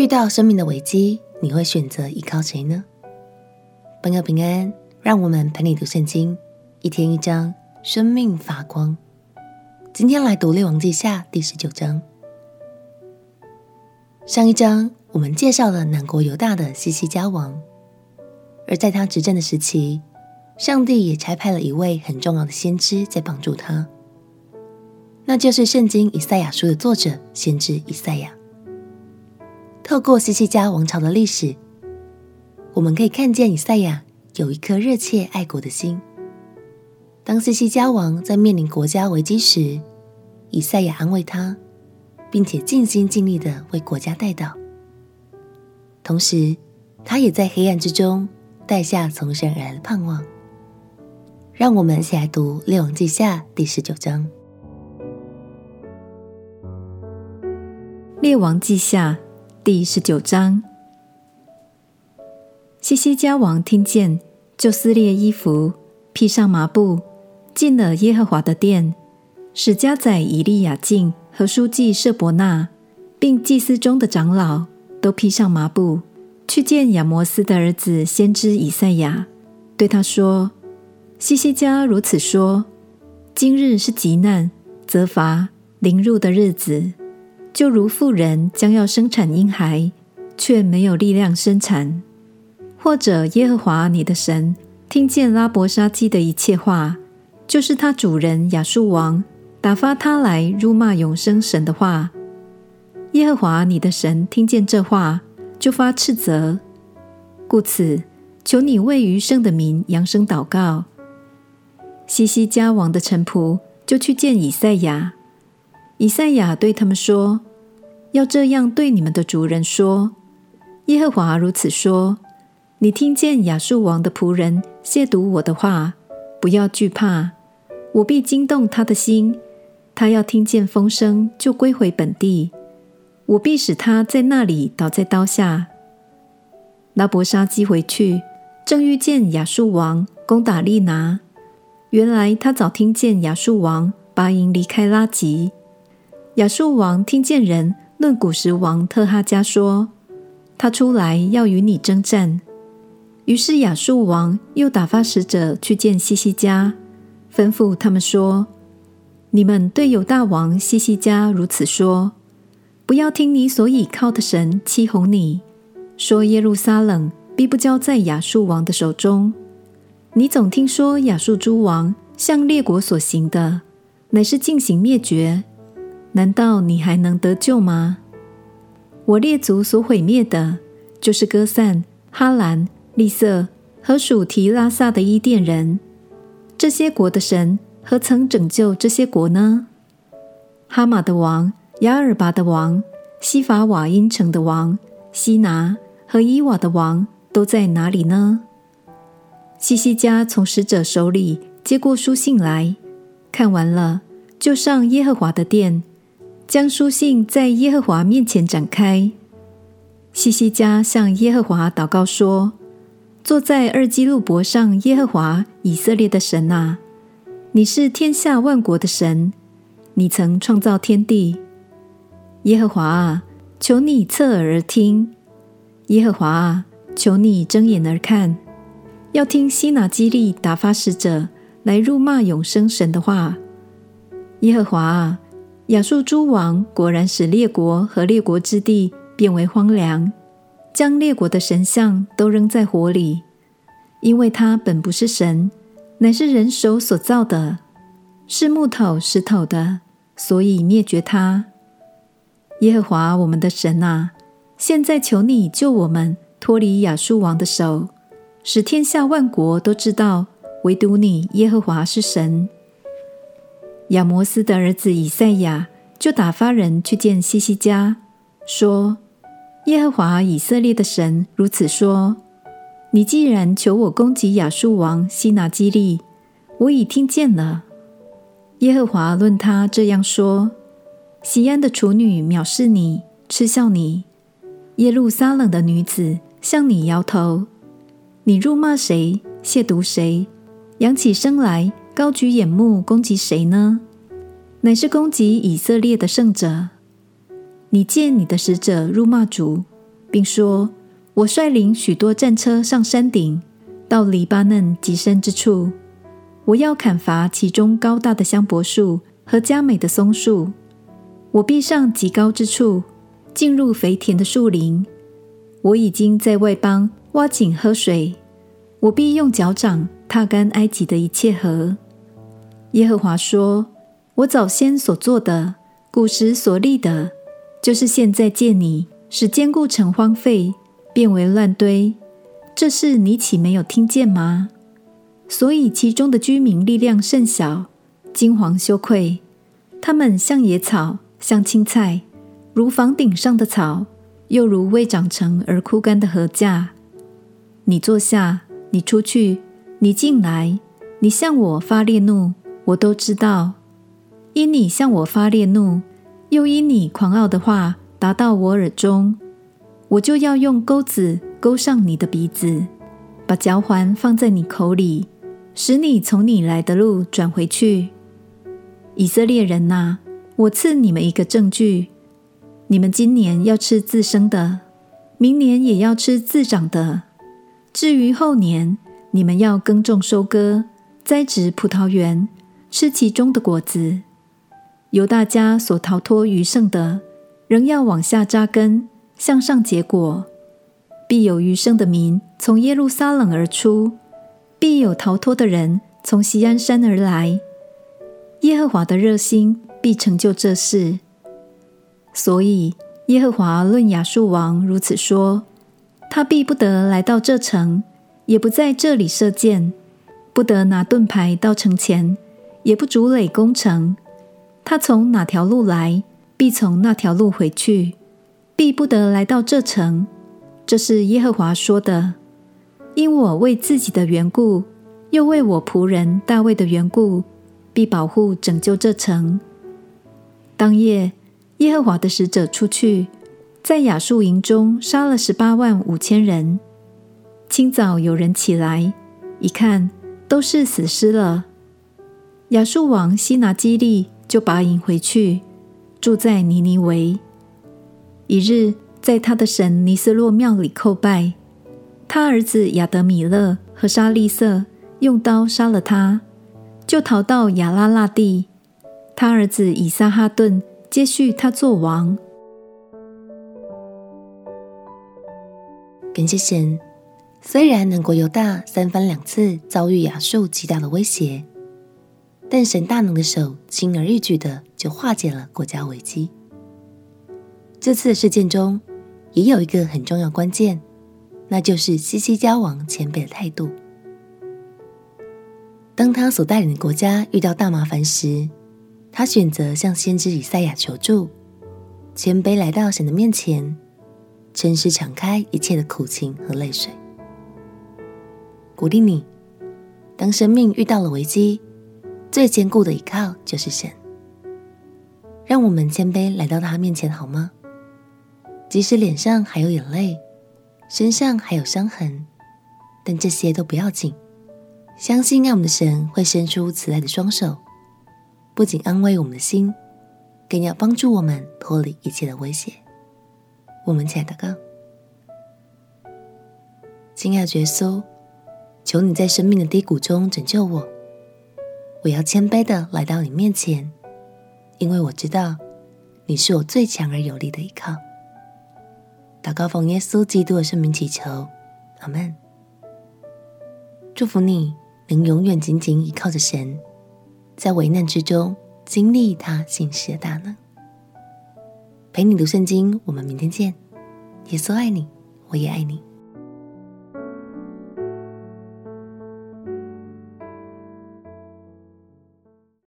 遇到生命的危機，你會選擇依靠誰呢？朋友平安，讓我們陪你讀聖經，一天一章，生命發光。今天來讀《列王記下》第十九章。上一章我們介紹了南國猶大的希西家王，而在他執政的時期，上帝也差派了一位很重要的先知在幫助他，那就是聖經以賽亞書的作者，先知以賽亞。透過希西家王朝的歷史，我們可以看見以賽亞有一顆熱切愛國的心。當希西家王在面臨國家危機時，以賽亞安慰他，並且盡心盡力的為國家代禱。同時，他也在黑暗之中帶下從神而來的盼望。讓我們一起來讀《列王記下》第十九章，《列王記下》。第十九章，希西家王聽見，就撕裂衣服，披上麻布，進了耶和華的殿。使家宰以利亞敬和書記舍伯那，並祭司中的長老，都披上麻布，去見亞摩斯的兒子先知以賽亞，對他說：“希西家如此說，今日是急難、責罰、凌辱的日子。”就如婦人將要生產嬰孩，卻沒有力量生產；或者耶和華你的神聽見拉伯沙基的一切話，就是他主人亞述王打發他來辱罵永生神的話，耶和華你的神聽見這話，就發斥責。故此，求你為餘剩的民揚聲禱告。西西家王的臣僕就去見以賽亞。以賽亞對他們說：“要這樣對你們的主人說：‘耶和華如此說：你聽見亞述王的僕人褻瀆我的話，不要懼怕，我必驚動他的心，他要聽見風聲就歸回本地。我必使他在那裡倒在刀下。’拉伯沙基回去，正遇見亞述王攻打利拿。原來他早聽見亞述王拔營離開拉吉。”亞述王聽見人論古實王特哈加說，他出來要與你爭戰。於是亞述王又打發使者去見希西家，吩咐他們說：“你們對猶大王希西家如此說，不要聽你所以倚靠的神欺哄你，說耶路撒冷必不交在亞述王的手中。你總聽說亞述諸王向列國所行的，乃是盡行滅絕。”難道你還能得救嗎？我列祖所毀滅的，就是歌散、哈蘭、利色和屬提拉撒的伊甸人。這些國的神何曾拯救這些國呢？哈馬的王、亞珥拔的王、西法瓦音城的王、希拿和以瓦的王都在哪裡呢？希西家從使者手裡接過書信來，看完了，就上耶和華的殿。將書信在耶和華面前展開。希西家向耶和華禱告說：“坐在二基路伯上，耶和華以色列的神啊，你是天下萬國的神，你曾創造天地。耶和華啊，求你側耳而聽；耶和華啊，求你睜眼而看，要聽西拿基立打發使者來辱罵永生神的話。耶和華啊！”亞述諸王果然使列國和列國之地變為荒涼，將列國的神像都扔在火裡，因為他本不是神，乃是人手所造的，是木頭石頭的，所以滅絕他。耶和華我們的神啊，現在求你救我們脫離亞述王的手，使天下萬國都知道，唯獨你耶和華是神。亞摩斯的兒子以賽亞就打發人去見希西家，說：“耶和華以色列的神如此說：你既然求我攻擊亞述王西拿基立，我已聽見了。耶和華論他這樣說：錫安的處女藐視你，嗤笑你；耶路撒冷的女子向你搖頭，你辱罵誰，褻瀆誰，揚起聲來。”高舉眼目攻擊誰呢？乃是攻擊以色列的聖者。你藉你的使者辱罵主，並說：“我率領許多戰車上山頂，到黎巴嫩極深之處，我要砍伐其中高大的香柏樹和佳美的松樹。我必上極高之處，進入肥田的樹林。我已經在外邦挖井喝水。我必用腳掌踏乾埃及的一切河。”耶和華說：“我早先所做的，古時所立的，就是現在借你使堅固城荒廢，變為亂堆。這事你豈沒有聽見嗎？所以其中的居民力量甚小，驚惶羞愧。他們像野草，像青菜，如房頂上的草，又如未長成而枯乾的禾稼。你坐下，你出去，你進來，你向我發烈怒。”我都知道，因你向我發烈怒，又因你狂傲的話達到我耳中，我就要用鈎子鈎上你的鼻子，把嚼環放在你口裡，使你從你來的路轉回去。以色列人哪、啊，我賜你們一個證據：你們今年要吃自生的，明年也要吃自長的。至於後年，你們要耕種、收割、栽植葡萄園。吃其中的果子，猶大家所逃脫餘剩的，仍要往下扎根，向上結果。必有餘剩的民從耶路撒冷而出，必有逃脫的人從錫安山而來。耶和華的熱心必成就這事。所以耶和華論亞述王如此說：他必不得來到這城，也不在這裡射箭，不得拿盾牌到城前。也不築壘攻城，他從哪條路來，必從那條路回去，必不得來到這城。這是耶和華說的。因我為自己的緣故，又為我僕人大衛的緣故，必保護拯救這城。當夜，耶和華的使者出去，在亞述營中殺了十八萬五千人。清早有人起來一看，都是死屍了。亞述王西拿基立就拔營回去，住在尼尼維。一日，在他的神尼斯洛廟裡叩拜，他兒子亞德米勒和沙利瑟用刀殺了他，就逃到亞拉臘地。他兒子以撒哈頓接續他做王。感謝神，雖然南國猶大三番兩次遭遇亞述極大的威脅。但神大能的手輕而易舉的就化解了國家危機。這次的事件中也有一個很重要關鍵，那就是希西家王前輩的態度。當他所帶領的國家遇到大麻煩時，他選擇向先知以賽亞求助。前輩來到神的面前，誠實敞開一切的苦情和淚水。鼓勵你，當生命遇到了危機，最堅固的依靠，就是神，讓我們謙卑來到他面前好嗎？即使臉上還有眼淚，身上還有傷痕，但這些都不要緊。相信愛我們的神會伸出慈愛的雙手，不僅安慰我們的心，更要幫助我們脫離一切的威脅。我們一起來禱告。敬愛的耶穌，求你在生命的低谷中拯救我。我要謙卑地來到你面前，因為我知道你是我最強而有力的依靠。禱告奉耶穌基督的聖名祈求，阿門。祝福你能永遠緊緊依靠着神，在危難之中經歷他信實的大能。陪你讀聖經，我們明天見。耶穌愛你，我也愛你。